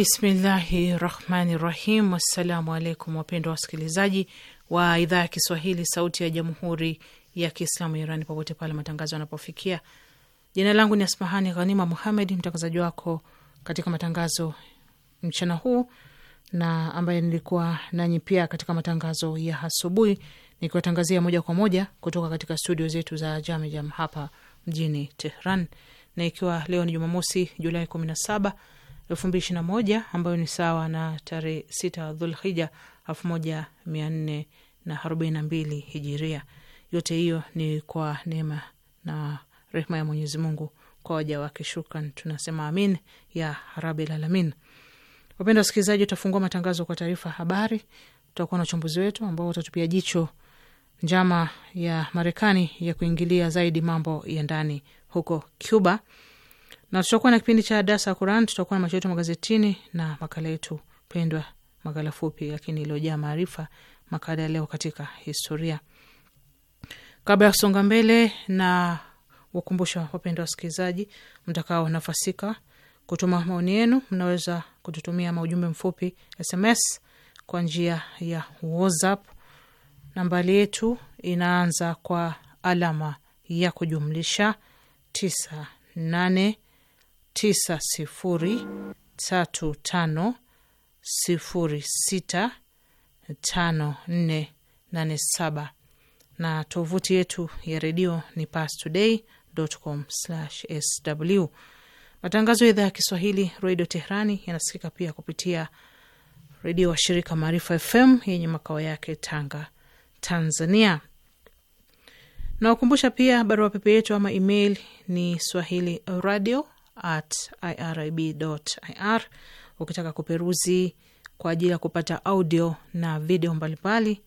Bismillahi rahmani rahim. Wassalamu alaikum, wapendwa wasikilizaji wa idhaa ya Kiswahili sauti ya jamhuri ya Kiislamu Irani popote pale matangazo yanapofikia. Jina langu ni Asmahani Ghanima Muhamed, mtangazaji wako katika matangazo mchana huu na ambaye nilikuwa nanyi pia katika matangazo ya asubuhi nikiwatangazia moja kwa moja kutoka katika studio zetu za Jamjam hapa mjini Tehran, na ikiwa leo ni Jumamosi Julai kumi na saba elfu mbili ishirini na moja ambayo ni sawa na tarehe sita Dhulhija elfu moja mia nne na arobaini na mbili hijiria. Yote hiyo ni kwa neema na rehma ya Mwenyezi Mungu kwa waja wake, shukran tunasema amin ya rabil alamin. Wapenda wasikilizaji, utafungua matangazo kwa taarifa habari. Tutakuwa na uchambuzi wetu ambao utatupia jicho njama ya Marekani ya kuingilia zaidi mambo ya ndani huko Cuba na tutakuwa na kipindi cha dasa ya Quran, tutakuwa na macho yetu magazetini na makala yetu pendwa, makala fupi lakini iliyojaa maarifa, makala ya leo katika historia. Kabla ya kusonga mbele, na wakumbusha wapendwa wasikilizaji mtakao nafasika kutuma maoni yenu, mnaweza kututumia maujumbe mfupi SMS kwa njia ya WhatsApp. Nambari yetu inaanza kwa alama ya kujumlisha tisa nane tisa sifuri tatu tano sifuri sita tano nne nane saba na tovuti yetu ya redio ni pastoday.com/sw. Matangazo ya idhaa ya Kiswahili redio Teherani yanasikika pia kupitia redio wa shirika Maarifa FM yenye makao yake Tanga, Tanzania. Nawakumbusha pia barua pepe yetu ama email ni swahili radio at ir ukitaka kuperuzi kwa ajili ya kupata audio na video mbalimbali,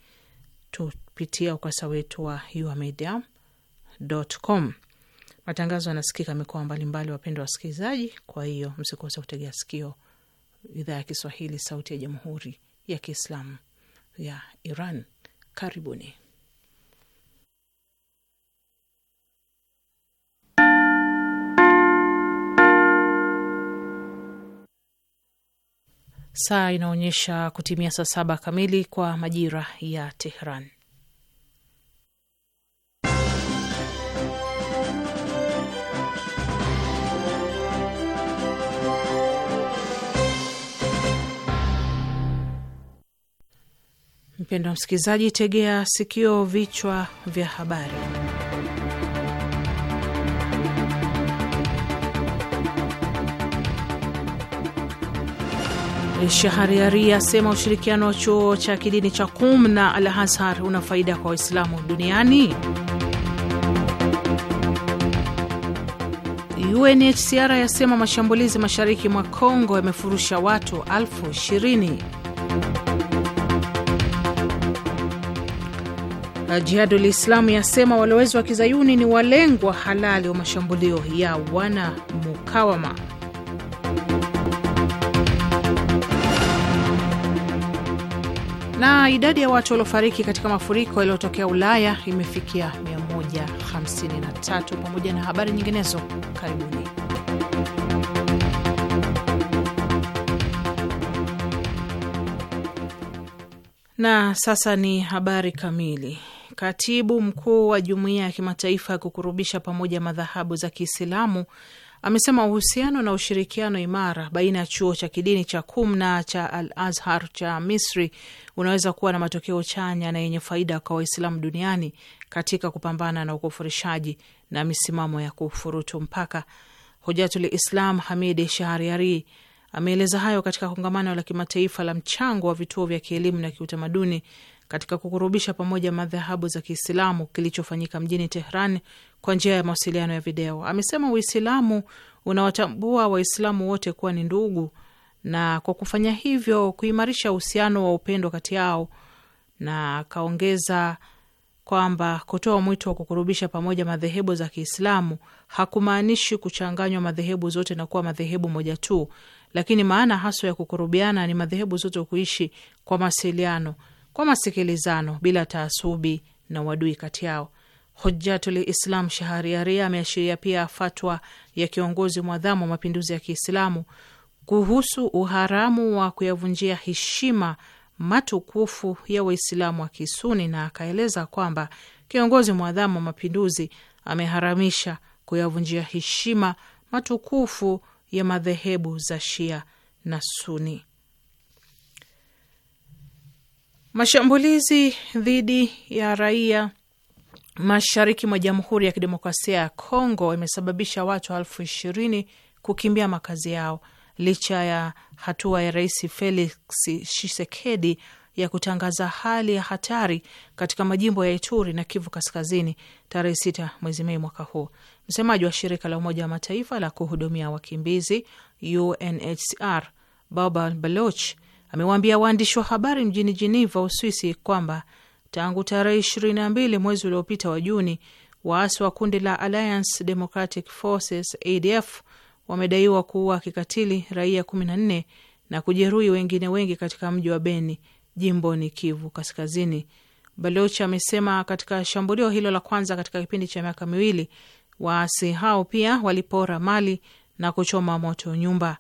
tupitia ukurasa wetu wa uamedia.com. Matangazo yanasikika mikoa mbalimbali, wapendwa wasikilizaji. Kwa hiyo msikose kutegea sikio idhaa ya Kiswahili, sauti ya jamhuri ya kiislamu ya Iran. Karibuni. Saa inaonyesha kutimia saa saba kamili kwa majira ya Tehran. Mpendwa msikilizaji, tegea sikio, vichwa vya habari. Ali Shahariari asema ushirikiano wa chuo cha kidini cha Qum na Al Azhar una faida kwa Waislamu duniani. UNHCR yasema mashambulizi mashariki mwa congo yamefurusha watu elfu ishirini. Jihadul Islamu yasema walowezi wa kizayuni ni walengwa halali wa mashambulio ya wana mukawama. na idadi ya watu waliofariki katika mafuriko yaliyotokea Ulaya imefikia 153, pamoja na habari nyinginezo. Karibuni. Na sasa ni habari kamili. Katibu mkuu wa jumuiya ya kimataifa ya kukurubisha pamoja madhahabu za Kiislamu amesema uhusiano na ushirikiano imara baina ya chuo cha kidini cha Qum na cha Al Azhar cha Misri unaweza kuwa na matokeo chanya na yenye faida kwa Waislamu duniani katika kupambana na ukufurishaji na misimamo ya kufurutu mpaka. Hujatul Islam Hamid Shahariari ameeleza hayo katika kongamano la kimataifa la mchango wa vituo vya kielimu na kiutamaduni katika kukurubisha pamoja madhahabu za Kiislamu kilichofanyika mjini Tehran kwa njia ya mawasiliano ya video. Amesema Uislamu unawatambua Waislamu wote kuwa ni ndugu na kwa kufanya hivyo kuimarisha uhusiano wa upendo kati yao, na akaongeza kwamba kutoa mwito wa kukurubisha pamoja madhehebu za Kiislamu hakumaanishi kuchanganywa madhehebu zote na kuwa madhehebu moja tu, lakini maana haswa ya kukurubiana ni madhehebu zote kuishi kwa mawasiliano kwa masikilizano bila taasubi na uadui kati yao. Hujjatul Islam Shahariaria ameashiria pia fatwa ya kiongozi mwadhamu wa mapinduzi ya Kiislamu kuhusu uharamu wa kuyavunjia heshima matukufu ya Waislamu wa Kisuni, na akaeleza kwamba kiongozi mwadhamu wa mapinduzi ameharamisha kuyavunjia heshima matukufu ya madhehebu za Shia na Suni. Mashambulizi dhidi ya raia mashariki mwa Jamhuri ya Kidemokrasia ya Kongo imesababisha watu elfu ishirini kukimbia makazi yao licha ya hatua ya Rais Felix Tshisekedi ya kutangaza hali ya hatari katika majimbo ya Ituri na Kivu Kaskazini tarehe sita mwezi Mei mwaka huu. Msemaji wa shirika la Umoja wa Mataifa la kuhudumia wakimbizi UNHCR Baobal Baloch amewaambia waandishi wa habari mjini Jeneva, Uswisi, kwamba tangu tarehe mbili mwezi uliopita wa Juni, waasi wa kundi la Alliance Democratic Forces ADF wamedaiwa kuua kikatili raia kumi na kujeruhi wengine wengi katika mji wa Beni, jimboni Kivu Kaskazini. baloch amesema katika shambulio hilo la kwanza katika kipindi cha miaka miwili, waasi hao pia walipora mali na kuchoma moto nyumba.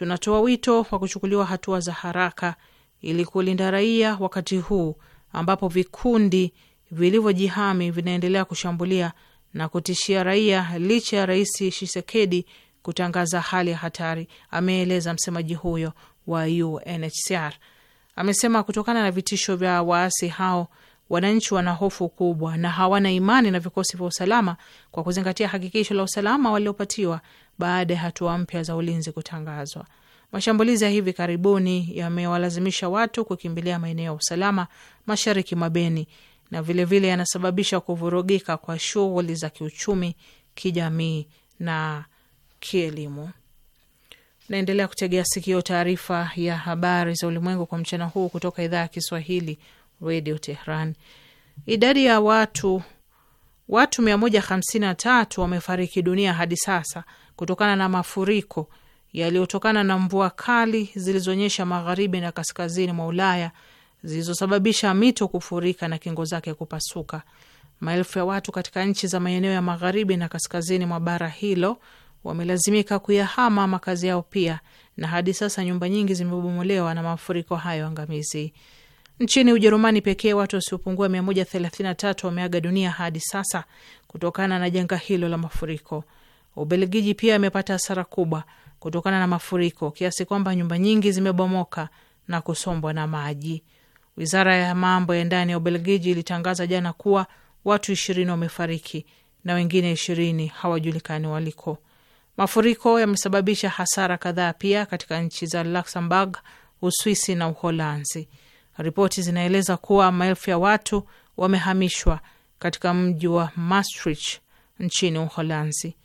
Tunatoa wito wa kuchukuliwa hatua za haraka ili kulinda raia wakati huu ambapo vikundi vilivyojihami vinaendelea kushambulia na kutishia raia licha ya Rais shisekedi kutangaza hali ya hatari, ameeleza msemaji huyo wa UNHCR. Amesema kutokana na vitisho vya waasi hao, wananchi wana hofu kubwa na hawana imani na vikosi vya usalama, kwa kuzingatia hakikisho la usalama waliopatiwa baada ya hatua mpya za ulinzi kutangazwa. Mashambulizi ya hivi karibuni yamewalazimisha watu kukimbilia maeneo ya usalama mashariki mwa Beni na vilevile yanasababisha kuvurugika kwa shughuli za kiuchumi, kijamii na kielimu. Naendelea kutegea sikio taarifa ya habari za ulimwengu kwa mchana huu kutoka idhaa ya Kiswahili Radio Tehran. Idadi ya watu watu tatu wamefariki dunia hadi sasa kutokana na mafuriko yaliyotokana na mvua kali zilizonyesha magharibi na kaskazini mwa Ulaya zilizosababisha mito kufurika na kingo zake kupasuka. Maelfu ya watu katika nchi za maeneo ya magharibi na kaskazini mwa bara hilo wamelazimika kuyahama makazi yao pia, na hadi sasa nyumba nyingi zimebomolewa na mafuriko hayo angamizi. Nchini Ujerumani pekee watu wasiopungua 133 wameaga dunia hadi sasa kutokana na janga hilo la mafuriko. Ubelgiji pia imepata hasara kubwa kutokana na mafuriko kiasi kwamba nyumba nyingi zimebomoka na kusombwa na maji. Wizara ya mambo ya ndani ya Ubelgiji ilitangaza jana kuwa watu ishirini wamefariki na wengine ishirini hawajulikani waliko. Mafuriko yamesababisha hasara kadhaa pia katika nchi za Luxembourg, Uswisi na Uholanzi. Ripoti zinaeleza kuwa maelfu ya watu wamehamishwa katika mji wa Maastricht nchini Uholanzi.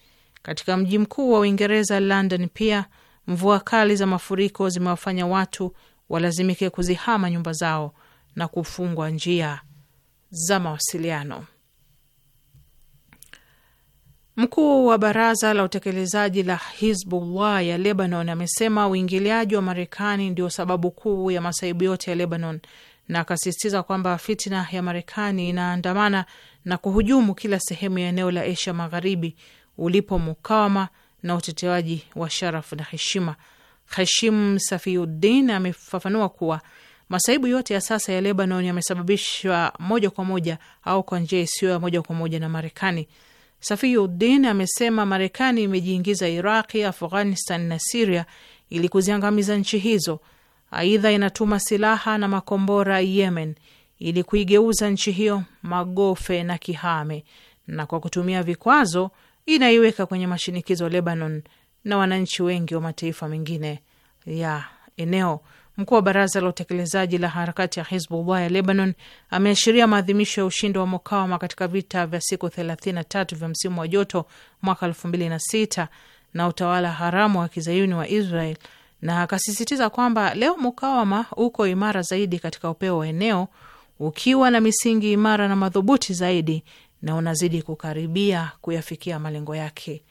Katika mji mkuu wa Uingereza, London, pia mvua kali za mafuriko zimewafanya watu walazimike kuzihama nyumba zao na kufungwa njia za mawasiliano. Mkuu wa baraza la utekelezaji la Hizbullah ya Lebanon amesema uingiliaji wa Marekani ndio sababu kuu ya masaibu yote ya Lebanon, na akasisitiza kwamba fitna ya Marekani inaandamana na kuhujumu kila sehemu ya eneo la Asia Magharibi, ulipo mukawama na utetewaji wa sharafu na heshima. Hashim Safiuddin amefafanua kuwa masaibu yote ya sasa ya Lebanon yamesababishwa moja kwa moja au kwa njia isiyo ya moja kwa moja na Marekani. Safiuddin amesema Marekani imejiingiza Iraqi, Afghanistan na Siria ili kuziangamiza nchi hizo. Aidha, inatuma silaha na makombora Yemen ili kuigeuza nchi hiyo magofe na kihame, na kwa kutumia vikwazo inaiweka kwenye mashinikizo Lebanon na wananchi wengi wa mataifa mengine ya eneo. Mkuu wa baraza la utekelezaji la harakati ya Hizbullah ya Lebanon ameashiria maadhimisho ya ushindi wa mukawama katika vita vya siku 33 vya msimu wa joto mwaka 2006 na utawala haramu wa kizayuni wa Israel na akasisitiza kwamba leo mukawama uko imara zaidi katika upeo wa eneo ukiwa na misingi imara na madhubuti zaidi na unazidi kukaribia kuyafikia malengo yake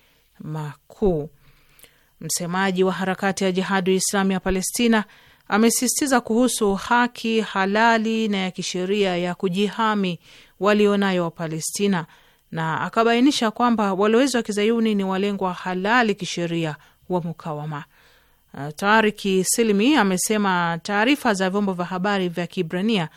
makuu. Msemaji wa harakati ya Jihadi Islami ya Palestina amesisitiza kuhusu haki halali na ya kisheria ya kujihami walionayo Wapalestina na akabainisha kwamba walowezi wa kizayuni ni walengwa halali kisheria wa mukawama. Tariki Silmi amesema taarifa za vyombo vya habari vya kibrania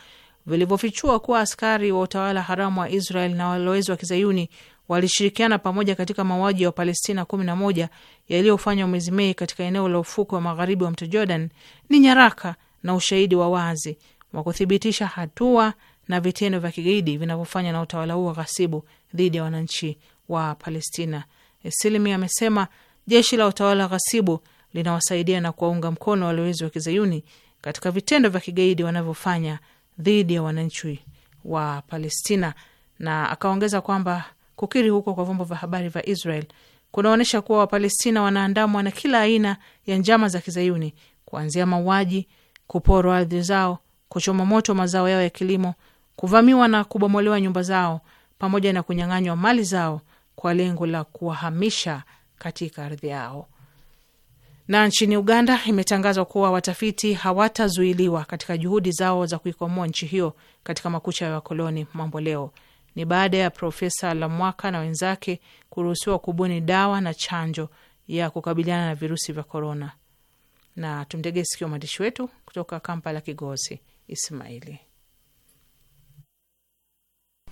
vilivyofichua kuwa askari wa utawala haramu wa Israel na walowezi wa kizayuni walishirikiana pamoja katika mauaji ya Wapalestina 11 yaliyofanywa mwezi Mei katika eneo la ufukwe wa magharibi wa mto Jordan ni nyaraka na ushahidi wa wazi wa kuthibitisha hatua na vitendo vya kigaidi vinavyofanywa na utawala huo ghasibu dhidi ya wananchi wa Palestina. Silmi amesema jeshi la utawala ghasibu linawasaidia na kuwaunga mkono walowezi wa kizayuni katika vitendo vya kigaidi wanavyofanya dhidi ya wananchi wa Palestina, na akaongeza kwamba kukiri huko kwa vyombo vya habari vya Israel kunaonyesha kuwa Wapalestina wanaandamwa na kila aina ya njama za kizayuni, kuanzia mauaji, kuporwa ardhi zao, kuchoma moto mazao yao ya kilimo, kuvamiwa na kubomolewa nyumba zao, pamoja na kunyang'anywa mali zao kwa lengo la kuwahamisha katika ardhi yao. Na nchini Uganda imetangazwa kuwa watafiti hawatazuiliwa katika juhudi zao za kuikomboa nchi hiyo katika makucha ya wakoloni mambo leo. Ni baada ya Profesa Lamwaka na wenzake kuruhusiwa kubuni dawa na chanjo ya kukabiliana na virusi vya korona. Na tumtegee sikio mwandishi wetu kutoka Kampala, Kigozi Ismaili.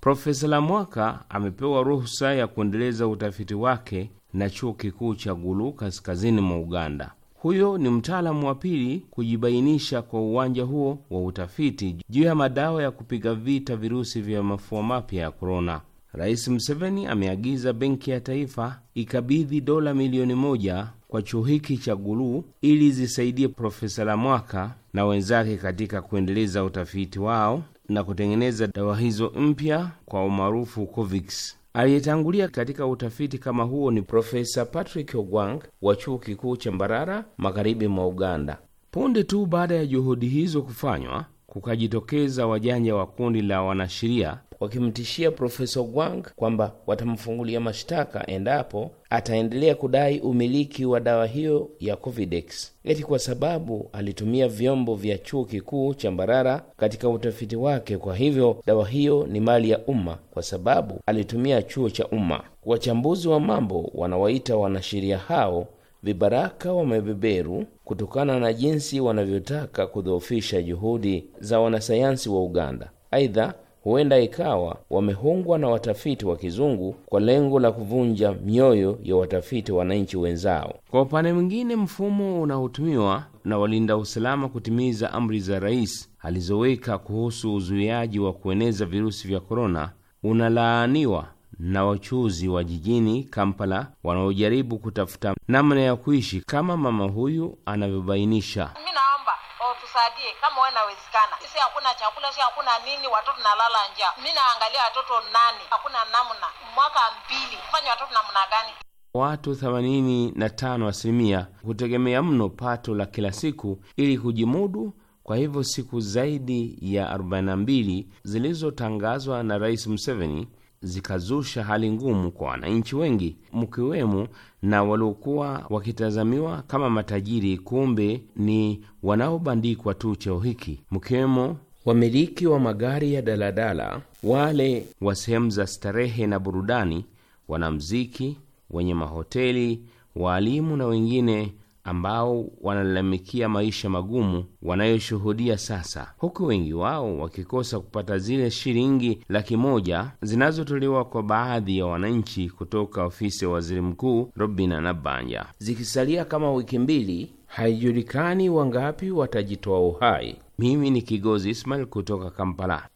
Profesa Lamwaka amepewa ruhusa ya kuendeleza utafiti wake na chuo kikuu cha Gulu kaskazini mwa Uganda. Huyo ni mtaalamu wa pili kujibainisha kwa uwanja huo wa utafiti juu ya madawa ya kupiga vita virusi vya mafua mapya ya korona. Rais Museveni ameagiza Benki ya Taifa ikabidhi dola milioni moja kwa chuo hiki cha Gulu ili zisaidie Profesa Lamwaka na wenzake katika kuendeleza utafiti wao na kutengeneza dawa hizo mpya kwa umaarufu Covix. Aliyetangulia katika utafiti kama huo ni Profesa Patrick Ogwang wa chuo kikuu cha Mbarara, magharibi mwa Uganda. Punde tu baada ya juhudi hizo kufanywa kukajitokeza wajanja wa kundi la wanasheria wakimtishia Profesa Gwang kwamba watamfungulia mashtaka endapo ataendelea kudai umiliki wa dawa hiyo ya Covidex, eti kwa sababu alitumia vyombo vya chuo kikuu cha Mbarara katika utafiti wake. Kwa hivyo dawa hiyo ni mali ya umma kwa sababu alitumia chuo cha umma. Wachambuzi wa mambo wanawaita wanasheria hao vibaraka wamebeberu kutokana na jinsi wanavyotaka kudhoofisha juhudi za wanasayansi wa Uganda. Aidha, huenda ikawa wamehungwa na watafiti wa kizungu kwa lengo la kuvunja mioyo ya watafiti wananchi wenzao. Kwa upande mwingine, mfumo unaotumiwa na walinda usalama kutimiza amri za rais alizoweka kuhusu uzuiaji wa kueneza virusi vya korona unalaaniwa na wachuzi wa jijini Kampala wanaojaribu kutafuta namna ya kuishi kama mama huyu anavyobainisha. mi naomba otusaidie oh, kama wewe inawezekana. Sisi hakuna chakula, si hakuna nini, watoto nalala njaa. Mi naangalia watoto nane, hakuna namna. Mwaka mbili fanya watoto namna gani? Watu 85 asilimia hutegemea mno pato la kila siku ili kujimudu. Kwa hivyo siku zaidi ya 42 zilizotangazwa na Rais Museveni zikazusha hali ngumu kwa wananchi wengi, mkiwemo na waliokuwa wakitazamiwa kama matajiri, kumbe ni wanaobandikwa tu cheo hiki, mkiwemo wamiliki wa magari ya daladala, wale wa sehemu za starehe na burudani, wanamziki wenye mahoteli, waalimu na wengine ambao wanalalamikia maisha magumu wanayoshuhudia sasa, huku wengi wao wakikosa kupata zile shilingi laki moja zinazotolewa kwa baadhi ya wananchi kutoka ofisi ya waziri mkuu Robin Anabanja. Zikisalia kama wiki mbili, haijulikani wangapi watajitoa uhai. Mimi ni Kigozi Ismail kutoka Kampala.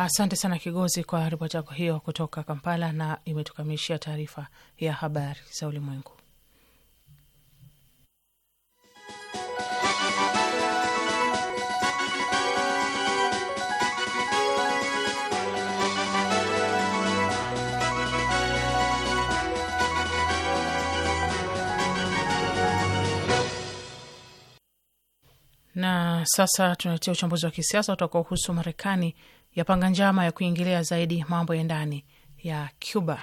Asante sana Kigozi kwa ripoti yako hiyo kutoka Kampala, na imetukamilishia taarifa ya habari za ulimwengu. Na sasa tunaletia uchambuzi wa kisiasa utakuwa uhusu Marekani yapanga njama ya kuingilia zaidi mambo ya ndani ya Cuba.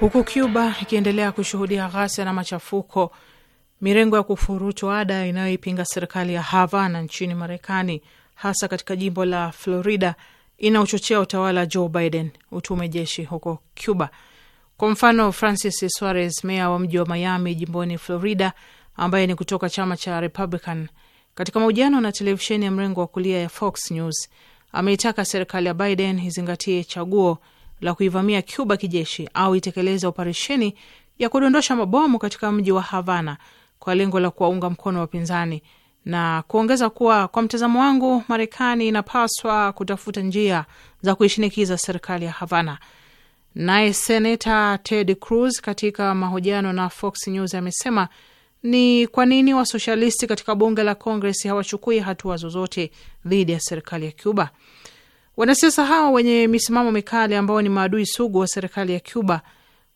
Huku Cuba ikiendelea kushuhudia ghasia na machafuko, mirengo ya kufurutu ada inayoipinga serikali ya Havana nchini Marekani, hasa katika jimbo la Florida inaochochea utawala wa Joe Biden utume jeshi huko Cuba. Kwa mfano, Francis Suarez, meya wa mji wa Miami jimboni Florida, ambaye ni kutoka chama cha Republican, katika mahojiano na televisheni ya mrengo wa kulia ya Fox News ameitaka serikali ya Biden izingatie chaguo la kuivamia Cuba kijeshi au itekeleze operesheni ya kudondosha mabomu katika mji wa Havana kwa lengo la kuwaunga mkono wapinzani na kuongeza kuwa kwa mtazamo wangu, Marekani inapaswa kutafuta njia za kuishinikiza serikali ya Havana. Naye senata Ted Cruz katika mahojiano na Fox News amesema ni kwa nini wasoshalisti katika bunge la Kongres hawachukui hatua zozote dhidi ya serikali ya Cuba. Wanasiasa hao wenye misimamo mikali ambao ni maadui sugu wa serikali ya Cuba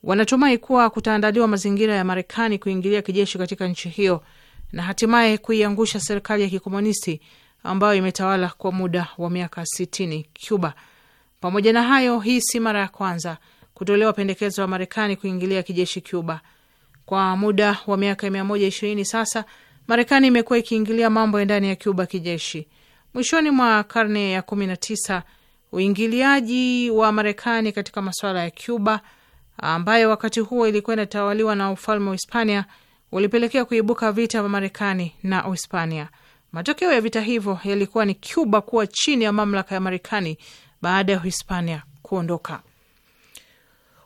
wanatumai kuwa kutaandaliwa mazingira ya Marekani kuingilia kijeshi katika nchi hiyo na hatimaye kuiangusha serikali ya kikomunisti ambayo imetawala kwa muda wa miaka sitini Cuba. Pamoja na hayo, hii si mara ya kwanza kutolewa pendekezo la Marekani kuingilia kijeshi Cuba. Kwa muda wa miaka mia moja ishirini sasa, Marekani imekuwa ikiingilia mambo ya ndani ya Cuba kijeshi. Mwishoni mwa karne ya kumi na tisa, uingiliaji wa Marekani katika masuala ya Cuba ambayo wakati huo ilikuwa inatawaliwa na ufalme wa Hispania ulipelekea kuibuka vita vya Marekani na Uhispania. Matokeo ya vita hivyo yalikuwa ni Cuba kuwa chini ya mamlaka ya Marekani baada ya Uhispania kuondoka.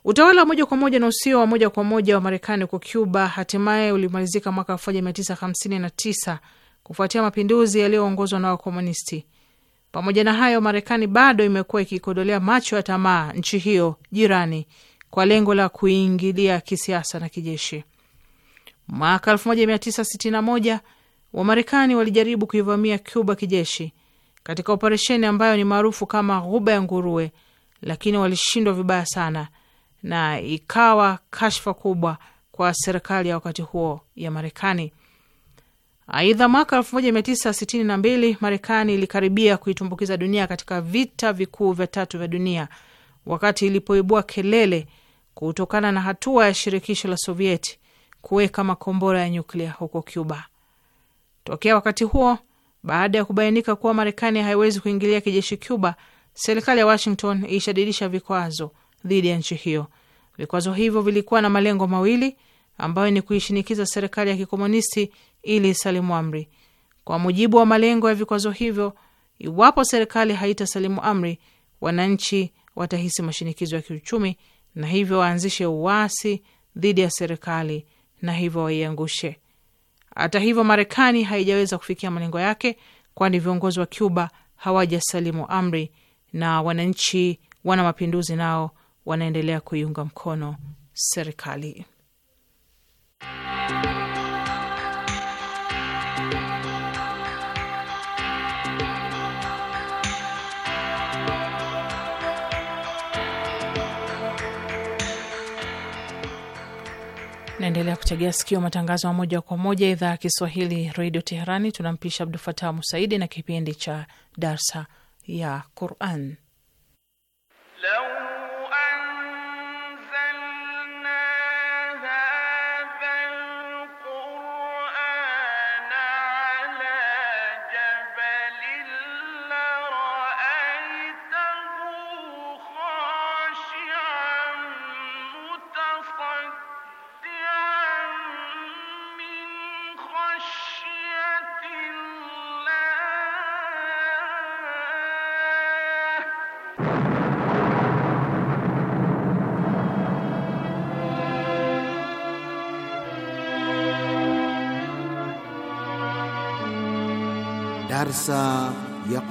Utawala wa moja kwa moja na usio wa moja kwa moja wa Marekani kwa Cuba hatimaye ulimalizika mwaka 1959 kufuatia mapinduzi yaliyoongozwa na Wakomunisti. Pamoja na hayo, Marekani bado imekuwa ikikodolea macho ya tamaa nchi hiyo jirani kwa lengo la kuingilia kisiasa na kijeshi. Mwaka 1961 Wamarekani walijaribu kuivamia Cuba kijeshi katika operesheni ambayo ni maarufu kama Ghuba ya Nguruwe, lakini walishindwa vibaya sana na ikawa kashfa kubwa kwa serikali ya wakati huo ya Marekani. Aidha, mwaka 1962 Marekani ilikaribia kuitumbukiza dunia katika vita vikuu vya tatu vya dunia wakati ilipoibua kelele kutokana na hatua ya shirikisho la Sovieti kuweka makombora ya nyuklia huko Cuba. Tokea wakati huo, baada ya kubainika kuwa Marekani haiwezi kuingilia kijeshi Cuba, serikali ya Washington ilishadidisha vikwazo dhidi ya nchi hiyo. Vikwazo hivyo vilikuwa na malengo mawili ambayo ni kuishinikiza serikali ya kikomunisti ili isalimu amri. Kwa mujibu wa malengo ya vikwazo hivyo, iwapo serikali haitasalimu amri, wananchi watahisi mashinikizo ya kiuchumi na hivyo waanzishe uasi dhidi ya serikali na hivyo waiangushe. Hata hivyo, Marekani haijaweza kufikia malengo yake, kwani viongozi wa Cuba hawajasalimu amri na wananchi wana mapinduzi nao wanaendelea kuiunga mkono serikali. Naendelea kutegea sikio matangazo ya moja kwa moja idhaa ya Kiswahili redio Teherani. Tunampisha Abdu Fatah Musaidi na kipindi cha darsa ya Quran Law.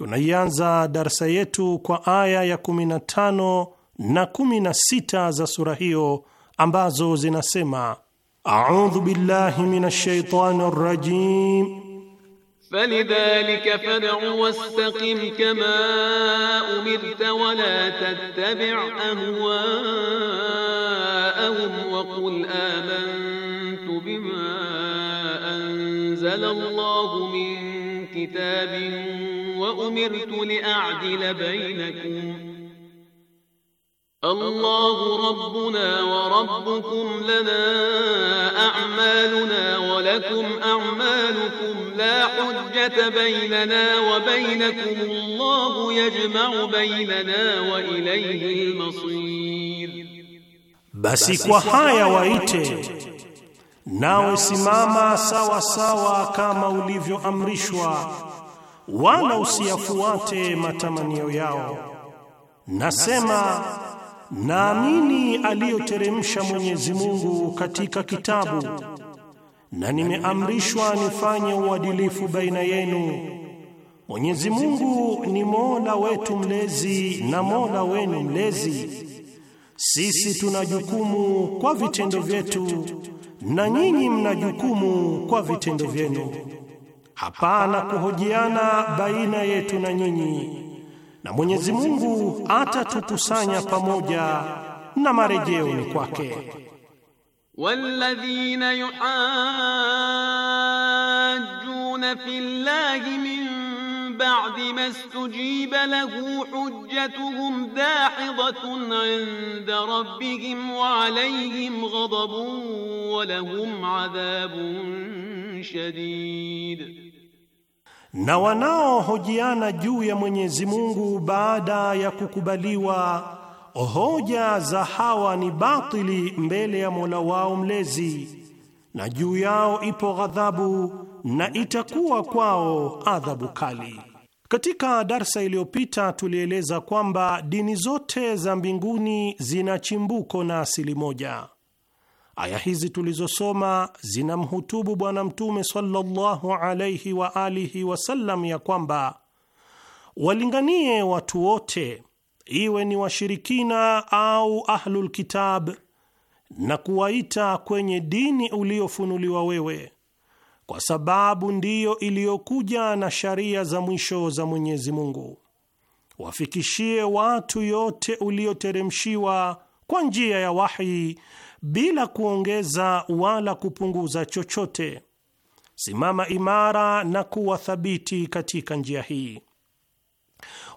Tunaianza darsa yetu kwa aya ya 15 na 16 za sura hiyo ambazo zinasema: audhu billahi minash shaitani rajim falidhalika fad'u wastaqim kama umirta wa tattabi' ahwaahum wa amantu bima anzala Allahu min kitabin وأمرت لأعدل بينكم الله ربنا وربكم لنا أعمالنا ولكم أعمالكم لا حجة بيننا وبينكم الله يجمع بيننا وإليه المصير بس kwa وإيتي waite nawe simama sawa sawa kama amrishwa wala usiyafuate matamanio yao. Nasema naamini aliyoteremsha Mwenyezi Mungu katika kitabu, na nimeamrishwa nifanye uadilifu baina yenu. Mwenyezi Mungu ni Mola wetu mlezi na Mola wenu mlezi. Sisi tuna jukumu kwa vitendo vyetu na nyinyi mna jukumu kwa vitendo vyenu hapana kuhojiana baina yetu na nyinyi, na Mwenyezi Mungu atatukusanya pamoja na marejeo ni kwake. walladhina yuhajjuna fillahi min ba'di mastujiba lahu hujjatuhum dahidatun 'inda rabbihim wa 'alayhim ghadabun wa lahum 'adhabun shadid na wanaohojiana juu ya Mwenyezi Mungu baada ya kukubaliwa hoja za hawa ni batili mbele ya Mola wao mlezi, na juu yao ipo ghadhabu na itakuwa kwao adhabu kali. Katika darsa iliyopita tulieleza kwamba dini zote za mbinguni zina chimbuko na asili moja. Aya hizi tulizosoma zinamhutubu Bwana Mtume sallallahu alaihi wa alihi wasallam ya kwamba walinganie watu wote, iwe ni washirikina au ahlulkitab, na kuwaita kwenye dini uliofunuliwa wewe, kwa sababu ndiyo iliyokuja na sharia za mwisho za Mwenyezi Mungu. Wafikishie watu yote ulioteremshiwa kwa njia ya wahi bila kuongeza wala kupunguza chochote. Simama imara na kuwa thabiti katika njia hii,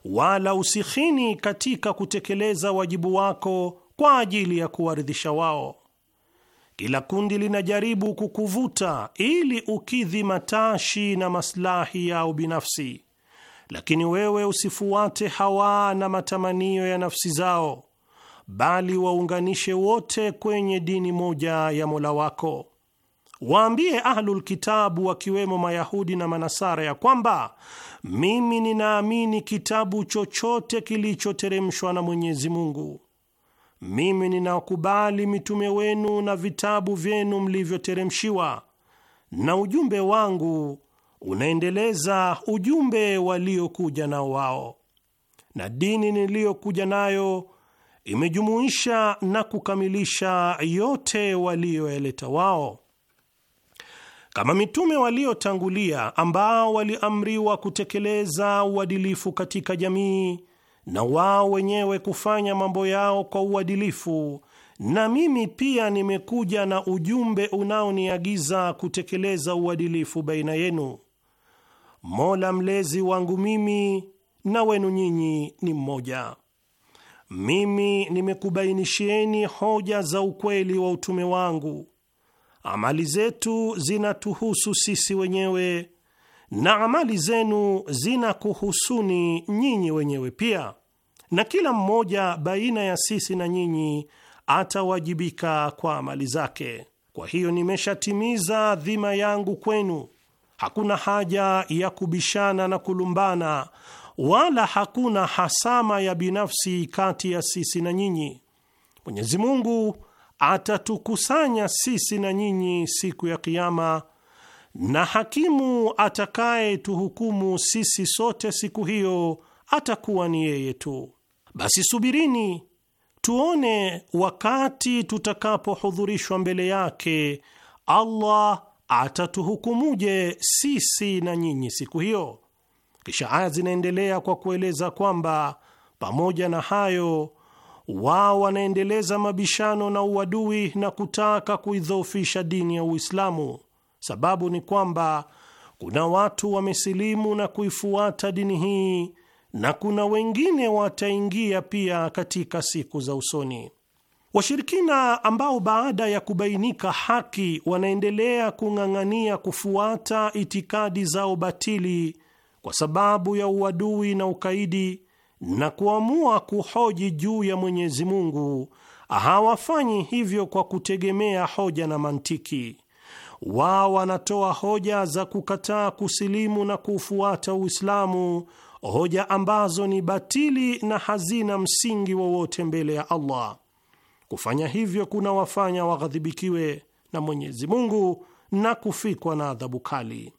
wala usikhini katika kutekeleza wajibu wako kwa ajili ya kuwaridhisha wao. Kila kundi linajaribu kukuvuta ili ukidhi matashi na maslahi yao binafsi, lakini wewe usifuate hawa na matamanio ya nafsi zao bali waunganishe wote kwenye dini moja ya Mola wako. Waambie Ahlulkitabu wakiwemo Mayahudi na Manasara ya kwamba mimi ninaamini kitabu chochote kilichoteremshwa na Mwenyezi Mungu. Mimi ninakubali mitume wenu na vitabu vyenu mlivyoteremshiwa, na ujumbe wangu unaendeleza ujumbe waliokuja nao wao, na dini niliyokuja nayo imejumuisha na kukamilisha yote waliyoyaleta wao kama mitume waliotangulia ambao waliamriwa kutekeleza uadilifu katika jamii na wao wenyewe kufanya mambo yao kwa uadilifu. Na mimi pia nimekuja na ujumbe unaoniagiza kutekeleza uadilifu baina yenu. Mola mlezi wangu mimi na wenu nyinyi ni mmoja. Mimi nimekubainishieni hoja za ukweli wa utume wangu. Amali zetu zinatuhusu sisi wenyewe na amali zenu zinakuhusuni nyinyi wenyewe pia, na kila mmoja baina ya sisi na nyinyi atawajibika kwa amali zake. Kwa hiyo nimeshatimiza dhima yangu kwenu, hakuna haja ya kubishana na kulumbana wala hakuna hasama ya binafsi kati ya sisi na nyinyi. Mwenyezi Mungu atatukusanya sisi na nyinyi siku ya Kiama, na hakimu atakayetuhukumu sisi sote siku hiyo atakuwa ni yeye tu. Basi subirini tuone wakati tutakapohudhurishwa mbele yake, Allah atatuhukumuje sisi na nyinyi siku hiyo. Kisha aya zinaendelea kwa kueleza kwamba pamoja na hayo wao wanaendeleza mabishano na uadui na kutaka kuidhoofisha dini ya Uislamu. Sababu ni kwamba kuna watu wamesilimu na kuifuata dini hii na kuna wengine wataingia pia katika siku za usoni. Washirikina ambao baada ya kubainika haki wanaendelea kung'ang'ania kufuata itikadi zao batili kwa sababu ya uadui na ukaidi na kuamua kuhoji juu ya Mwenyezi Mungu, hawafanyi hivyo kwa kutegemea hoja na mantiki. Wao wanatoa hoja za kukataa kusilimu na kuufuata Uislamu, hoja ambazo ni batili na hazina msingi wowote mbele ya Allah. Kufanya hivyo kuna wafanya waghadhibikiwe na Mwenyezi Mungu na kufikwa na adhabu kali.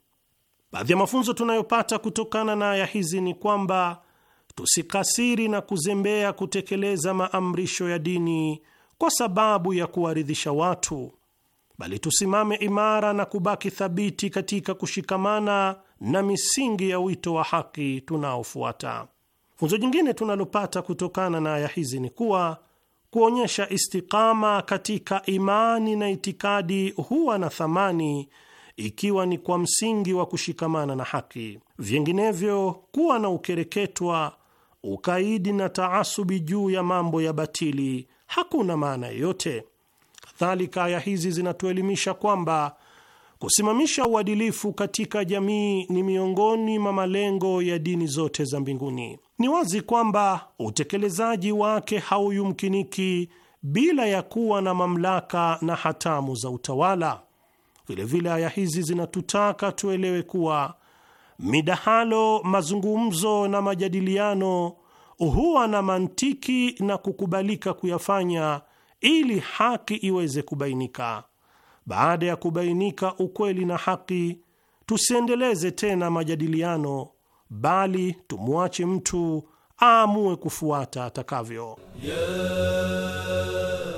Baadhi ya mafunzo tunayopata kutokana na aya hizi ni kwamba tusikasiri na kuzembea kutekeleza maamrisho ya dini kwa sababu ya kuwaridhisha watu, bali tusimame imara na kubaki thabiti katika kushikamana na misingi ya wito wa haki tunaofuata. Funzo jingine tunalopata kutokana na aya hizi ni kuwa kuonyesha istikama katika imani na itikadi huwa na thamani ikiwa ni kwa msingi wa kushikamana na haki. Vinginevyo, kuwa na ukereketwa, ukaidi na taasubi juu ya mambo ya batili hakuna maana yoyote. Kadhalika, aya hizi zinatuelimisha kwamba kusimamisha uadilifu katika jamii ni miongoni mwa malengo ya dini zote za mbinguni. Ni wazi kwamba utekelezaji wake hauyumkiniki bila ya kuwa na mamlaka na hatamu za utawala. Vilevile aya hizi zinatutaka tuelewe kuwa midahalo, mazungumzo na majadiliano huwa na mantiki na kukubalika kuyafanya ili haki iweze kubainika. Baada ya kubainika ukweli na haki, tusiendeleze tena majadiliano, bali tumwache mtu aamue kufuata atakavyo, yeah.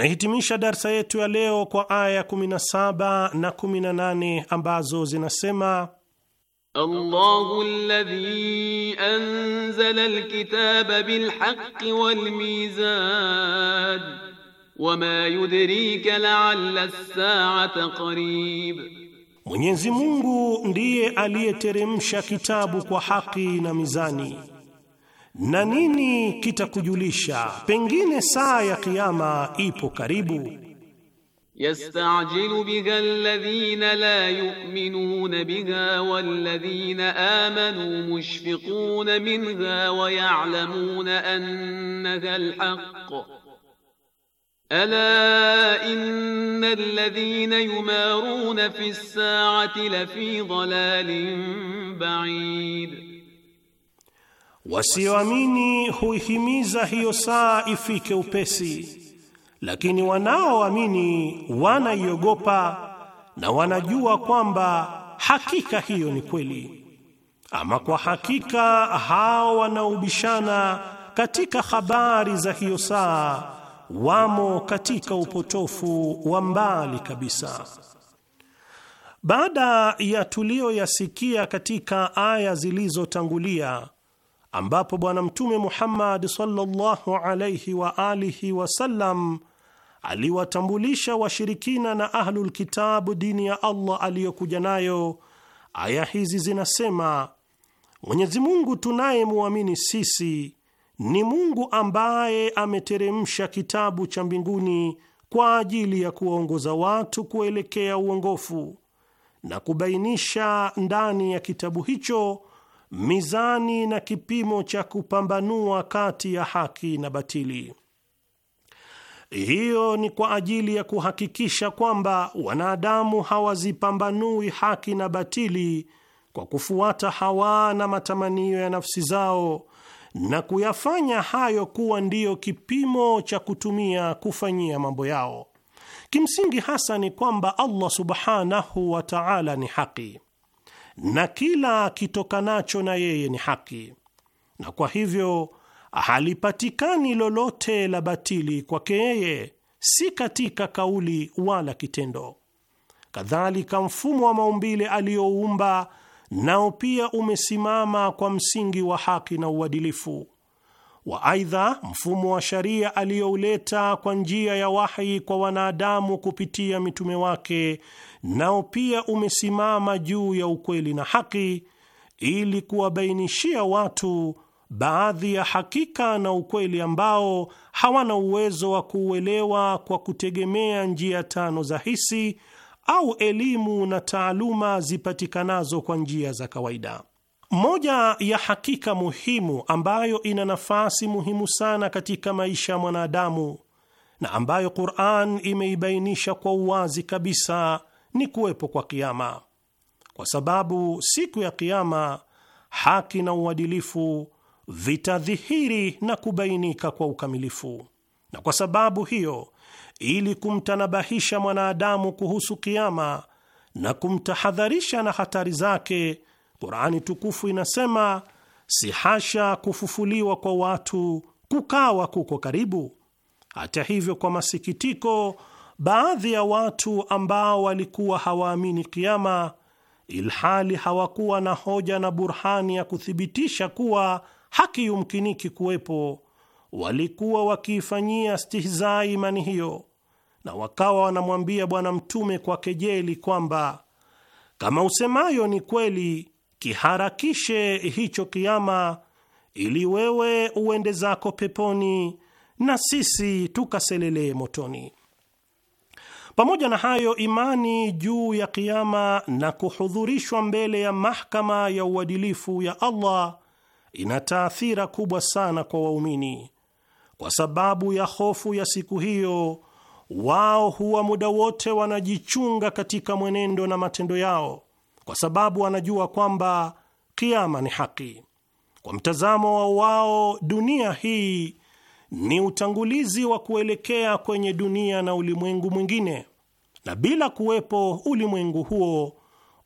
Tunahitimisha darsa yetu ya leo kwa aya 17 na 18 ambazo zinasema Allahu alladhi anzala alkitaba bilhaqqi walmizan wama yudrika la'alla as-sa'ata qarib, Mwenyezi Mungu ndiye aliyeteremsha kitabu kwa haki na mizani Na nini kitakujulisha pengine saa ya kiyama ipo karibu? Yastajilu biha alladhina la yu'minuna biha walladhina amanu mushfiquna minha wa ya'lamuna annaha alhaq ألا إن الذين يمارون في الساعة لفي ضلال بعيد Wasioamini huihimiza hiyo saa ifike upesi, lakini wanaoamini wanaiogopa na wanajua kwamba hakika hiyo ni kweli. Ama kwa hakika hao wanaobishana katika habari za hiyo saa wamo katika upotofu wa mbali kabisa. Baada ya tuliyoyasikia katika aya zilizotangulia ambapo Bwana Mtume Muhammad sallallahu alayhi wa alihi wasallam aliwatambulisha washirikina na ahlulkitabu dini ya Allah aliyokuja nayo. Aya hizi zinasema, Mwenyezi Mungu tunayemwamini sisi ni Mungu ambaye ameteremsha kitabu cha mbinguni kwa ajili ya kuwaongoza watu kuelekea uongofu na kubainisha ndani ya kitabu hicho mizani na kipimo cha kupambanua kati ya haki na batili. Hiyo ni kwa ajili ya kuhakikisha kwamba wanadamu hawazipambanui haki na batili kwa kufuata hawa na matamanio ya nafsi zao na kuyafanya hayo kuwa ndiyo kipimo cha kutumia kufanyia mambo yao. Kimsingi hasa ni kwamba Allah subhanahu wa ta'ala ni haki na kila kitokanacho na yeye ni haki, na kwa hivyo halipatikani lolote la batili kwake yeye, si katika kauli wala kitendo. Kadhalika, mfumo wa maumbile aliyoumba nao pia umesimama kwa msingi wa haki na uadilifu wa aidha, mfumo wa sharia aliyouleta kwa njia ya wahi kwa wanadamu kupitia mitume wake nao pia umesimama juu ya ukweli na haki ili kuwabainishia watu baadhi ya hakika na ukweli ambao hawana uwezo wa kuuelewa kwa kutegemea njia tano za hisi au elimu na taaluma zipatikanazo kwa njia za kawaida. Moja ya hakika muhimu ambayo ina nafasi muhimu sana katika maisha ya mwanadamu na ambayo Qur'an imeibainisha kwa uwazi kabisa ni kuwepo kwa kiama, kwa sababu siku ya kiama haki na uadilifu vitadhihiri na kubainika kwa ukamilifu. Na kwa sababu hiyo, ili kumtanabahisha mwanadamu kuhusu kiama na kumtahadharisha na hatari zake Qurani tukufu inasema si hasha kufufuliwa kwa watu kukawa kuko karibu. Hata hivyo, kwa masikitiko, baadhi ya watu ambao walikuwa hawaamini kiama, ilhali hawakuwa na hoja na burhani ya kuthibitisha kuwa haki yumkiniki kuwepo, walikuwa wakiifanyia stihzaa imani hiyo, na wakawa wanamwambia Bwana Mtume kwa kejeli kwamba kama usemayo ni kweli kiharakishe hicho kiama, ili wewe uende zako peponi na sisi tukaselelee motoni. Pamoja na hayo, imani juu ya kiama na kuhudhurishwa mbele ya mahakama ya uadilifu ya Allah ina taathira kubwa sana kwa waumini. Kwa sababu ya hofu ya siku hiyo, wao huwa muda wote wanajichunga katika mwenendo na matendo yao kwa sababu anajua kwamba kiama ni haki. Kwa mtazamo wa wao, dunia hii ni utangulizi wa kuelekea kwenye dunia na ulimwengu mwingine, na bila kuwepo ulimwengu huo,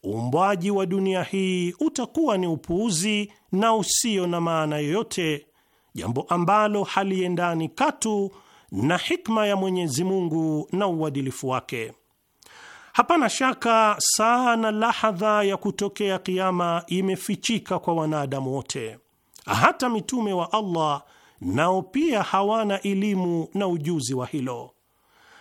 uumbwaji wa dunia hii utakuwa ni upuuzi na usio na maana yoyote, jambo ambalo haliendani katu na hikma ya Mwenyezi Mungu na uadilifu wake. Hapana shaka saa na lahadha ya kutokea kiama imefichika kwa wanadamu wote, hata mitume wa Allah nao pia hawana elimu na ujuzi wa hilo.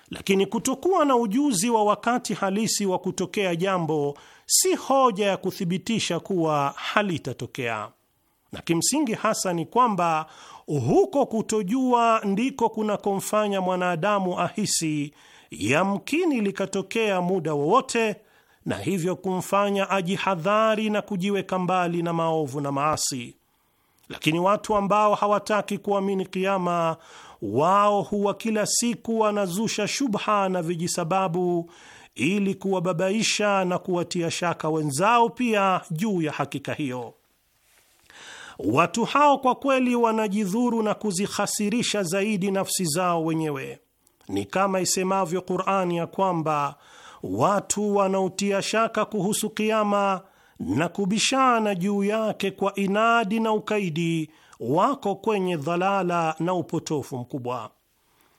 Lakini kutokuwa na ujuzi wa wakati halisi wa kutokea jambo si hoja ya kuthibitisha kuwa halitatokea, na kimsingi hasa ni kwamba huko kutojua ndiko kunakomfanya mwanadamu ahisi yamkini likatokea muda wowote, na hivyo kumfanya ajihadhari na kujiweka mbali na maovu na maasi. Lakini watu ambao hawataki kuamini kiama, wao huwa kila siku wanazusha shubha na vijisababu ili kuwababaisha na kuwatia shaka wenzao pia juu ya hakika hiyo. Watu hao kwa kweli wanajidhuru na kuzihasirisha zaidi nafsi zao wenyewe. Ni kama isemavyo Qur'ani ya kwamba watu wanaotia shaka kuhusu kiama na kubishana juu yake kwa inadi na ukaidi wako kwenye dhalala na upotofu mkubwa.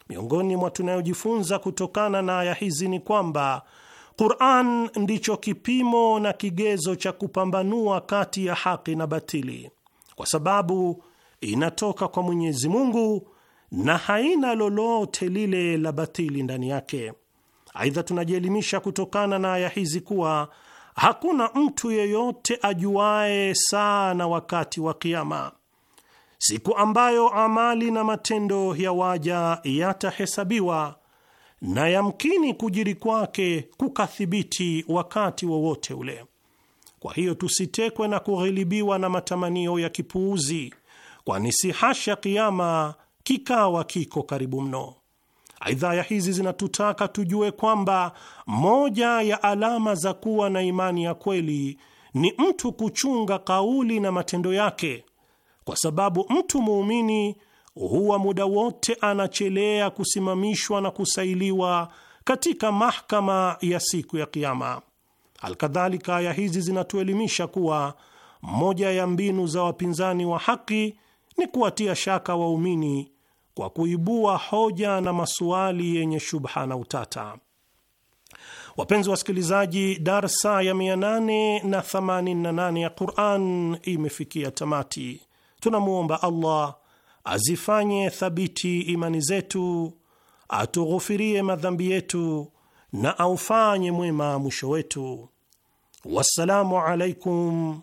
Miongoni mwa tunayojifunza kutokana na aya hizi ni kwamba Qur'an ndicho kipimo na kigezo cha kupambanua kati ya haki na batili, kwa sababu inatoka kwa Mwenyezi Mungu na haina lolote lile la batili ndani yake. Aidha, tunajielimisha kutokana na aya hizi kuwa hakuna mtu yeyote ajuaye saa na wakati wa Kiama, siku ambayo amali na matendo ya waja yatahesabiwa na yamkini kujiri kwake kukathibiti wakati wowote ule. Kwa hiyo tusitekwe na kughilibiwa na matamanio ya kipuuzi, kwani si hasha kiama kikawa kiko karibu mno. Aidha, aya hizi zinatutaka tujue kwamba moja ya alama za kuwa na imani ya kweli ni mtu kuchunga kauli na matendo yake, kwa sababu mtu muumini huwa muda wote anachelea kusimamishwa na kusailiwa katika mahakama ya siku ya Kiama. Alkadhalika, aya hizi zinatuelimisha kuwa moja ya mbinu za wapinzani wa haki ni kuwatia shaka waumini kwa kuibua hoja na masuali yenye shubha na utata. Wapenzi wasikilizaji, darsa ya 888 ya Quran imefikia tamati. Tunamwomba Allah azifanye thabiti imani zetu, atughufirie madhambi yetu na aufanye mwema mwisho wetu. Wassalamu alaikum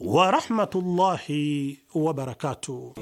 warahmatullahi wabarakatuh.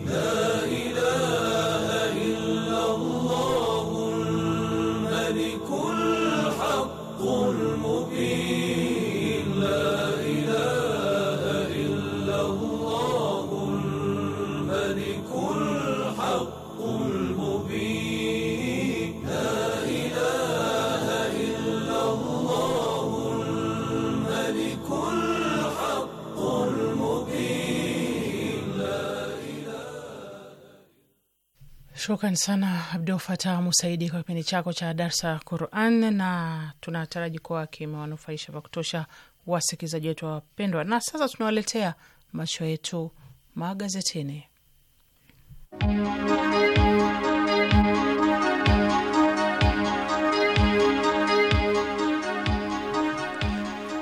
Shukran sana Abdul Fatah Musaidi kwa kipindi chako cha darsa Quran, na tunataraji kuwa kimewanufaisha vya kutosha wasikilizaji wetu wapendwa. Na sasa tunawaletea macho yetu magazetini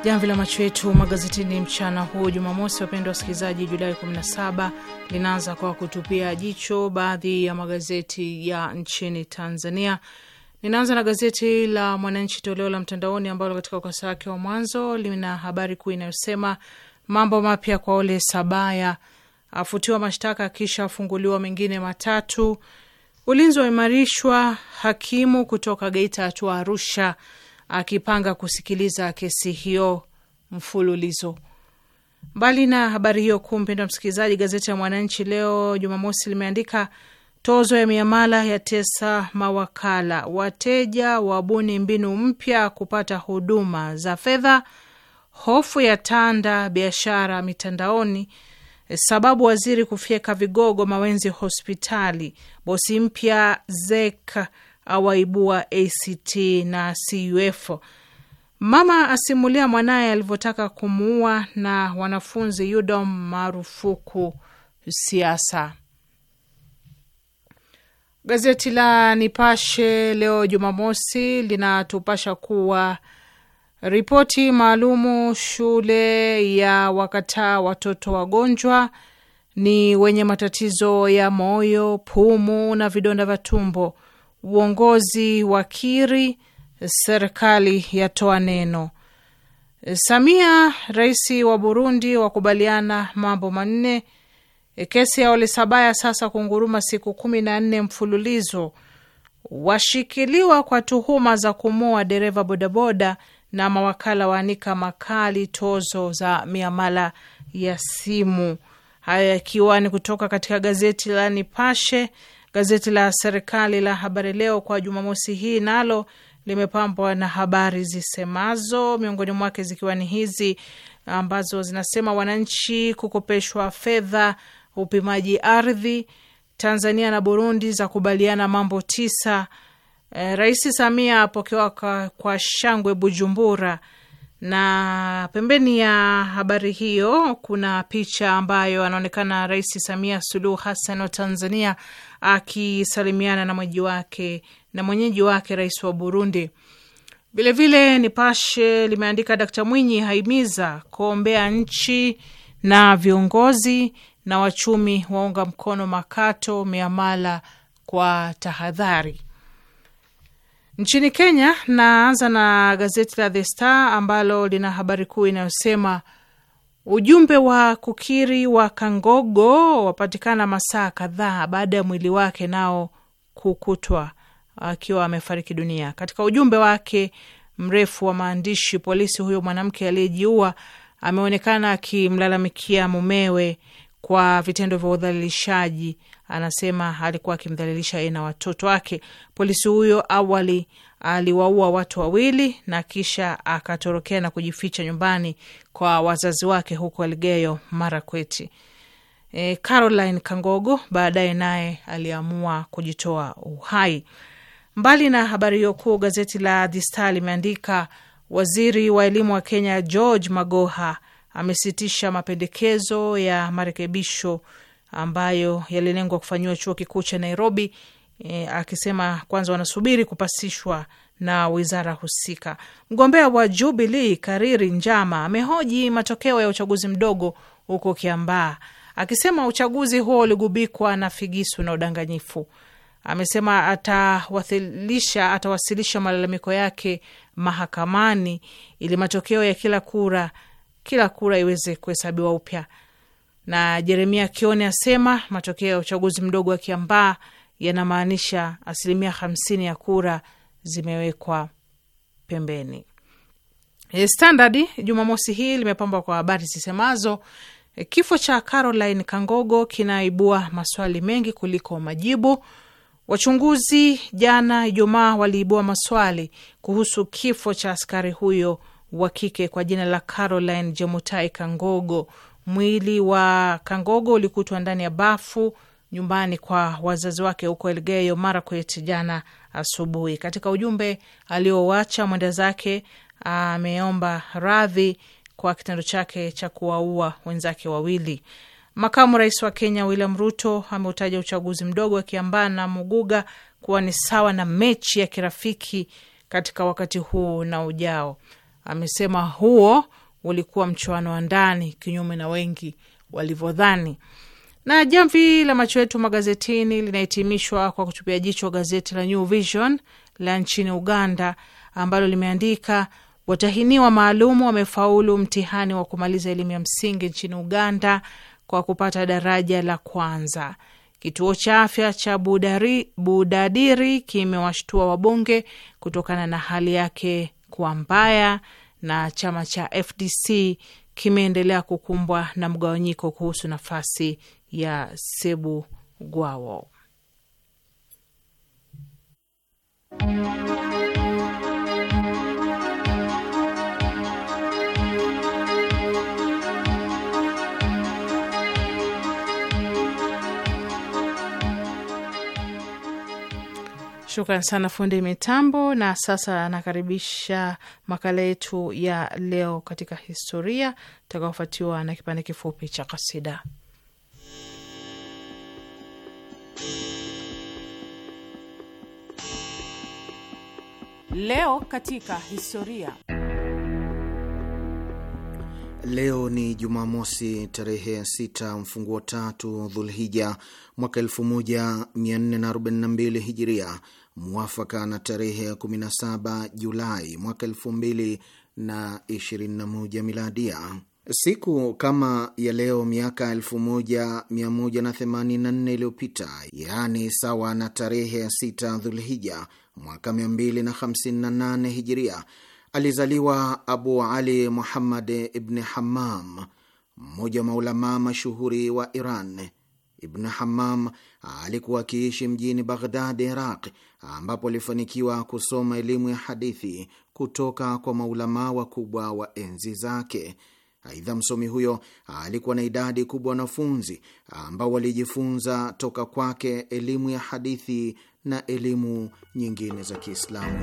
Jamvi la macho yetu magazetini mchana huu Jumamosi, wapendwa wasikilizaji, Julai 17 linaanza kwa kutupia jicho baadhi ya magazeti ya nchini Tanzania. Ninaanza na gazeti la Mwananchi toleo la mtandaoni ambalo katika ukurasa wake wa mwanzo lina habari kuu inayosema mambo mapya kwa Ole Sabaya, afutiwa mashtaka kisha afunguliwa mengine matatu, ulinzi waimarishwa, hakimu kutoka Geita atua Arusha akipanga kusikiliza kesi hiyo mfululizo. Mbali na habari hiyo kuu, mpendwa msikilizaji, gazeti ya Mwananchi leo Jumamosi limeandika tozo ya miamala ya tesa mawakala, wateja wabuni mbinu mpya kupata huduma za fedha, hofu ya tanda biashara mitandaoni, sababu waziri kufyeka vigogo mawenzi hospitali, bosi mpya zeka awaibua ACT na CUF. Mama asimulia mwanaye alivyotaka kumuua na wanafunzi UDOM marufuku siasa. Gazeti la Nipashe leo Jumamosi linatupasha kuwa ripoti maalumu shule ya wakataa watoto wagonjwa ni wenye matatizo ya moyo, pumu na vidonda vya tumbo uongozi wa kiri, serikali yatoa neno. Samia rais wa Burundi wakubaliana mambo manne. Kesi ya Ole Sabaya sasa kunguruma siku kumi na nne mfululizo. Washikiliwa kwa tuhuma za kumua dereva bodaboda na mawakala waanika makali tozo za miamala ya simu. Hayo yakiwa ni kutoka katika gazeti la Nipashe Gazeti la serikali la Habari Leo kwa Jumamosi hii nalo limepambwa na habari zisemazo, miongoni mwake zikiwa ni hizi ambazo zinasema: wananchi kukopeshwa fedha, upimaji ardhi, Tanzania na Burundi za kubaliana mambo tisa, e, Rais Samia apokewa kwa, kwa shangwe Bujumbura na pembeni ya habari hiyo kuna picha ambayo anaonekana Rais Samia Suluhu Hassan wa Tanzania akisalimiana na mwenyeji wake na mwenyeji wake rais wa Burundi. Vilevile Nipashe limeandika Dkt Mwinyi haimiza kuombea nchi na viongozi na wachumi waunga mkono makato miamala kwa tahadhari. Nchini Kenya, naanza na gazeti la The Star ambalo lina habari kuu inayosema ujumbe wa kukiri wa Kangogo wapatikana masaa kadhaa baada ya mwili wake nao kukutwa akiwa amefariki dunia. Katika ujumbe wake mrefu wa maandishi, polisi huyo mwanamke aliyejiua ameonekana akimlalamikia mumewe kwa vitendo vya udhalilishaji. Anasema alikuwa akimdhalilisha yeye na watoto wake. Polisi huyo awali aliwaua watu wawili na kisha akatorokea na kujificha nyumbani kwa wazazi wake huko Elgeyo Marakwet. E, Caroline Kangogo baadaye naye aliamua kujitoa uhai. Mbali na habari hiyo kuu, gazeti la The Star limeandika waziri wa elimu wa Kenya George Magoha amesitisha mapendekezo ya marekebisho ambayo yalilengwa kufanyiwa chuo kikuu cha Nairobi e, akisema kwanza wanasubiri kupasishwa na wizara husika. Mgombea wa Jubilee Kariri Njama amehoji matokeo ya uchaguzi mdogo huko Kiambaa akisema uchaguzi huo uligubikwa na figisu na udanganyifu. Amesema atawasilisha atawasilisha malalamiko yake mahakamani ili matokeo ya kila kura kila kura iweze kuhesabiwa upya. Na Jeremia Kione asema matokeo ya uchaguzi mdogo wa Kiambaa yanamaanisha asilimia hamsini ya kura zimewekwa pembeni. E, Standard Jumamosi hii limepambwa kwa habari zisemazo e, kifo cha Caroline Kangogo kinaibua maswali mengi kuliko majibu. Wachunguzi jana Ijumaa waliibua maswali kuhusu kifo cha askari huyo wa kike kwa jina la Caroline Jemutai Kangogo. Mwili wa Kangogo ulikutwa ndani ya bafu nyumbani kwa wazazi wake huko Elgeyo Marakwet jana asubuhi. Katika ujumbe aliowacha mwenda zake, ameomba radhi kwa kitendo chake cha kuwaua wenzake wawili. Makamu rais wa Kenya William Ruto ameutaja uchaguzi mdogo akiambana na Muguga kuwa ni sawa na mechi ya kirafiki katika wakati huu na ujao amesema huo ulikuwa mchuano wa ndani, kinyume na wengi walivyodhani. Na jamvi la macho yetu magazetini linahitimishwa kwa kutupia jicho gazeti la New Vision la nchini Uganda ambalo limeandika watahiniwa maalumu wamefaulu mtihani wa kumaliza elimu ya msingi nchini Uganda kwa kupata daraja la kwanza. Kituo cha afya cha Budari, Budadiri kimewashtua wabunge kutokana na hali yake kuwa mbaya na chama cha FDC kimeendelea kukumbwa na mgawanyiko kuhusu nafasi ya Gwawo. Shukran sana fundi mitambo. Na sasa anakaribisha makala yetu ya leo katika historia itakayofuatiwa na kipande kifupi cha kasida. Leo katika historia. Leo ni Jumamosi tarehe 6 mfunguo tatu Dhulhija mwaka 1442 Hijiria, mwafaka na tarehe ya 17 Julai mwaka 221 miladia. Siku kama ya leo miaka 1184 iliyopita, yaani sawa na tarehe ya 6 Dhulhija mwaka 258 Hijiria, alizaliwa Abu Ali Muhammad Ibni Hammam, mmoja wa maulamaa mashuhuri wa Iran ibn Hammam alikuwa akiishi mjini Baghdad, Iraq, ambapo alifanikiwa kusoma elimu ya hadithi kutoka kwa maulamaa wakubwa wa enzi zake. Aidha, msomi huyo alikuwa na idadi kubwa wanafunzi ambao walijifunza toka kwake elimu ya hadithi na elimu nyingine za Kiislamu.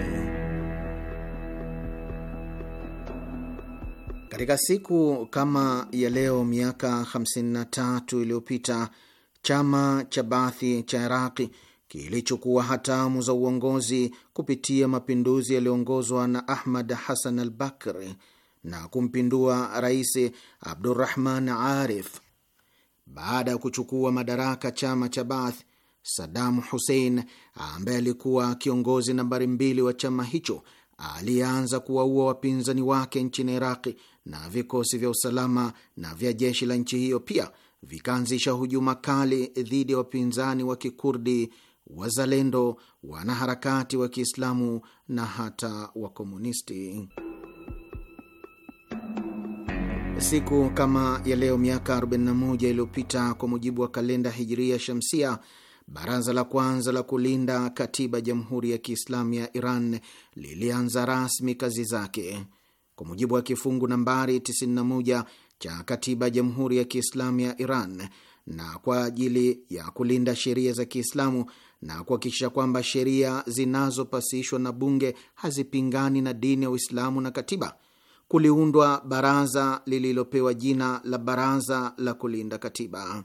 Katika siku kama ya leo miaka 53 iliyopita chama cha Baathi cha Iraqi kilichukua hatamu za uongozi kupitia mapinduzi yaliyoongozwa na Ahmad Hasan al Bakri na kumpindua Rais Abdurahman Arif. Baada ya kuchukua madaraka chama cha Baath, Sadamu Hussein ambaye alikuwa kiongozi nambari mbili wa chama hicho alianza kuwaua wapinzani wake nchini Iraqi, na vikosi vya usalama na vya jeshi la nchi hiyo pia vikaanzisha hujuma kali dhidi ya wapinzani wa Kikurdi, wazalendo, wanaharakati wa Kiislamu na hata wakomunisti. Siku kama ya leo miaka 41 iliyopita kwa mujibu wa kalenda Hijiria Shamsia, baraza la kwanza la kulinda katiba Jamhuri ya Kiislamu ya Iran lilianza rasmi kazi zake. Kwa mujibu wa kifungu nambari 91 cha katiba ya Jamhuri ya Kiislamu ya Iran na kwa ajili ya kulinda sheria za Kiislamu na kuhakikisha kwamba sheria zinazopasishwa na bunge hazipingani na dini ya Uislamu na katiba, kuliundwa baraza lililopewa jina la Baraza la Kulinda Katiba.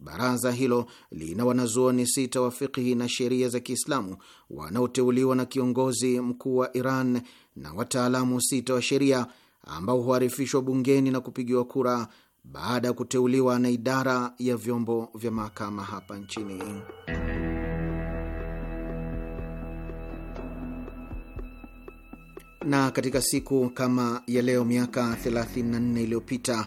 Baraza hilo lina wanazuoni sita wa fikihi na sheria za Kiislamu wanaoteuliwa na kiongozi mkuu wa Iran na wataalamu sita wa sheria ambao huarifishwa bungeni na kupigiwa kura baada ya kuteuliwa na idara ya vyombo vya mahakama hapa nchini. Na katika siku kama ya leo miaka 34 iliyopita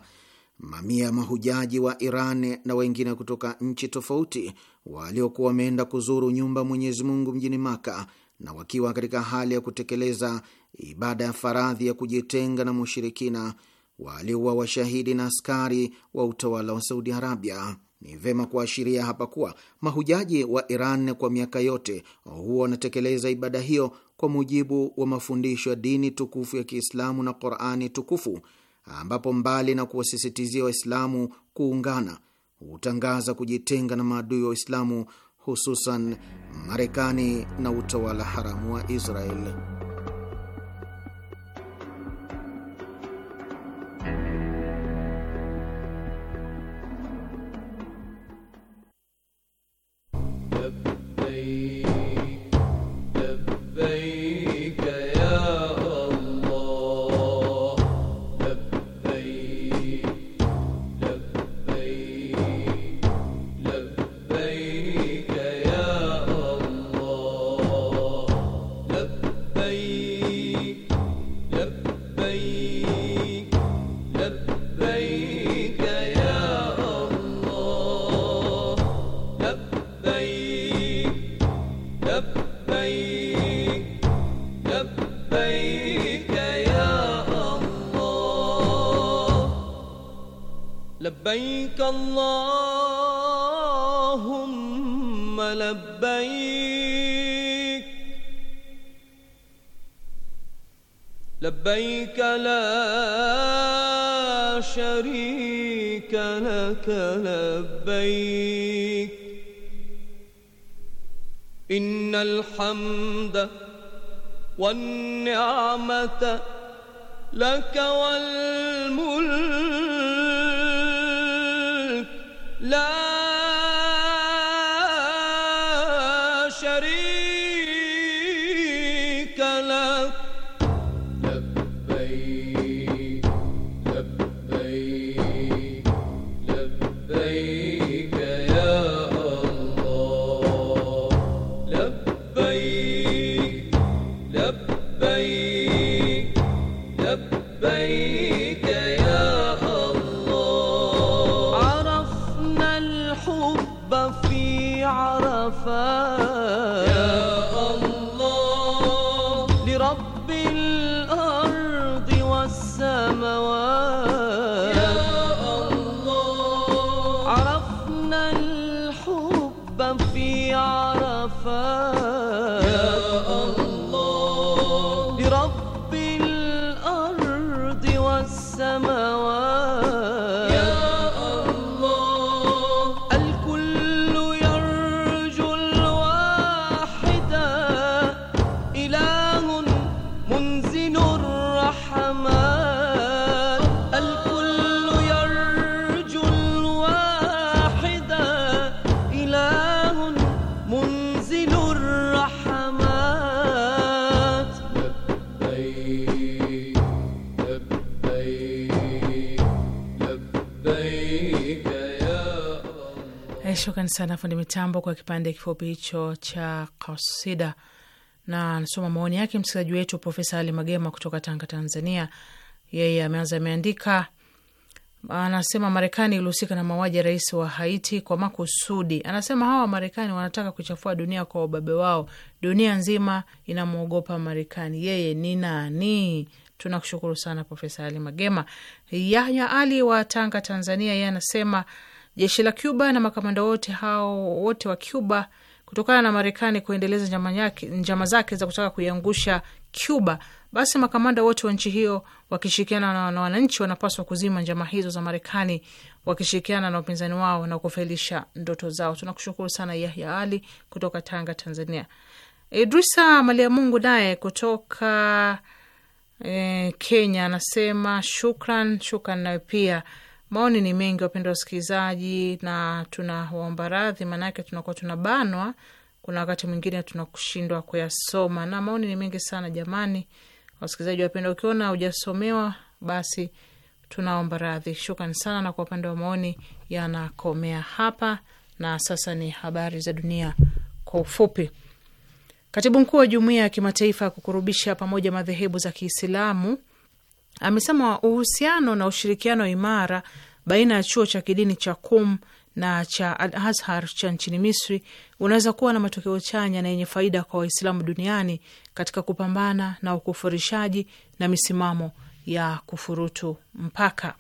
mamia ya mahujaji wa Iran na wengine kutoka nchi tofauti waliokuwa wameenda kuzuru nyumba Mwenyezi Mungu mjini Maka na wakiwa katika hali ya kutekeleza ibada ya faradhi ya kujitenga na mushirikina waliuwa washahidi na askari wa utawala wa Saudi Arabia. Ni vema kuashiria hapa kuwa mahujaji wa Iran kwa miaka yote huwa wanatekeleza ibada hiyo kwa mujibu wa mafundisho ya dini tukufu ya Kiislamu na Qurani tukufu, ambapo mbali na kuwasisitizia Waislamu kuungana hutangaza kujitenga na maadui wa Waislamu, hususan Marekani na utawala haramu wa Israeli. لبيك إن الحمد والنعمة لك والملك لا Shukran sana fundi mitambo kwa kipande kifupi hicho cha kasida, na nasoma maoni yake msikilizaji wetu Profesa Ali Magema kutoka Tanga, Tanzania. Yeye ameanza ameandika, anasema Marekani ilihusika na mauaji ya rais wa Haiti kwa makusudi. Anasema hawa Wamarekani wanataka kuchafua dunia kwa ubabe wao. Dunia nzima inamwogopa Marekani, yeye ni nani? Tunakushukuru sana Profesa Ali Magema. Yahya Ali wa Tanga, Tanzania, yeye anasema Jeshi la Cuba na makamanda wote hao wote wa Cuba kutokana na Marekani kuendeleza njama, yake, njama zake za kutaka kuiangusha Cuba, basi makamanda wote wa nchi hiyo wakishirikiana na wananchi wanapaswa kuzima njama hizo za Marekani wakishirikiana na upinzani wao na kufailisha ndoto zao. Tunakushukuru sana Yahya Ali kutoka Tanga, Tanzania. Idrisa Malia Mungu naye kutoka eh, Kenya anasema shukran, shukran nawe pia Maoni ni mengi, wapendwa wasikilizaji, na tunawaomba radhi, maanake tunakuwa tunabanwa, kuna wakati mwingine tunakushindwa kuyasoma, na maoni ni mengi sana. Jamani wasikilizaji wapendwa, ukiona hujasomewa basi tunaomba radhi, shukran sana. Na kwa upande wa maoni yanakomea hapa, na sasa ni habari za dunia kwa ufupi. Katibu mkuu wa jumuiya ya kimataifa ya kukurubisha pamoja madhehebu za Kiislamu amesema uhusiano na ushirikiano imara baina ya chuo cha kidini cha Qum na cha Al Azhar cha nchini Misri unaweza kuwa na matokeo chanya na yenye faida kwa Waislamu duniani katika kupambana na ukufurishaji na misimamo ya kufurutu mpaka.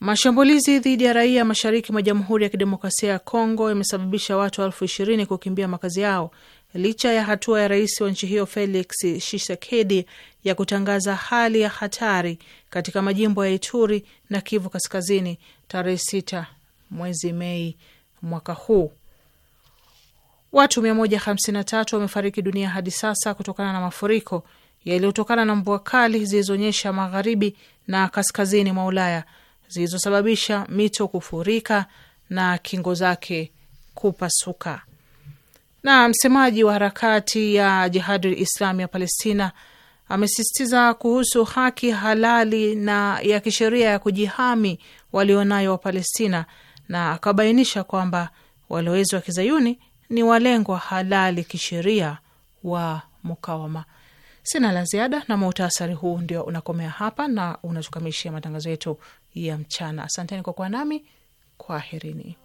Mashambulizi dhidi ya raia mashariki mwa Jamhuri ya Kidemokrasia ya Kongo yamesababisha watu elfu ishirini kukimbia makazi yao licha ya hatua ya rais wa nchi hiyo Felix Tshisekedi ya kutangaza hali ya hatari katika majimbo ya Ituri na Kivu Kaskazini tarehe sita mwezi Mei mwaka huu. Watu 153 wamefariki dunia hadi sasa kutokana na mafuriko yaliyotokana na mvua kali zilizonyesha magharibi na kaskazini mwa Ulaya zilizosababisha mito kufurika na kingo zake kupasuka. Na msemaji wa harakati ya jihadi Islam ya Palestina amesisitiza kuhusu haki halali na ya kisheria ya kujihami walionayo Wapalestina na akabainisha kwamba walowezi wa kizayuni ni walengwa halali kisheria wa mukawama. Sina la ziada, na muhtasari huu ndio unakomea hapa na unatukamilishia matangazo yetu ya mchana. Asanteni kwa kuwa nami, kwaherini.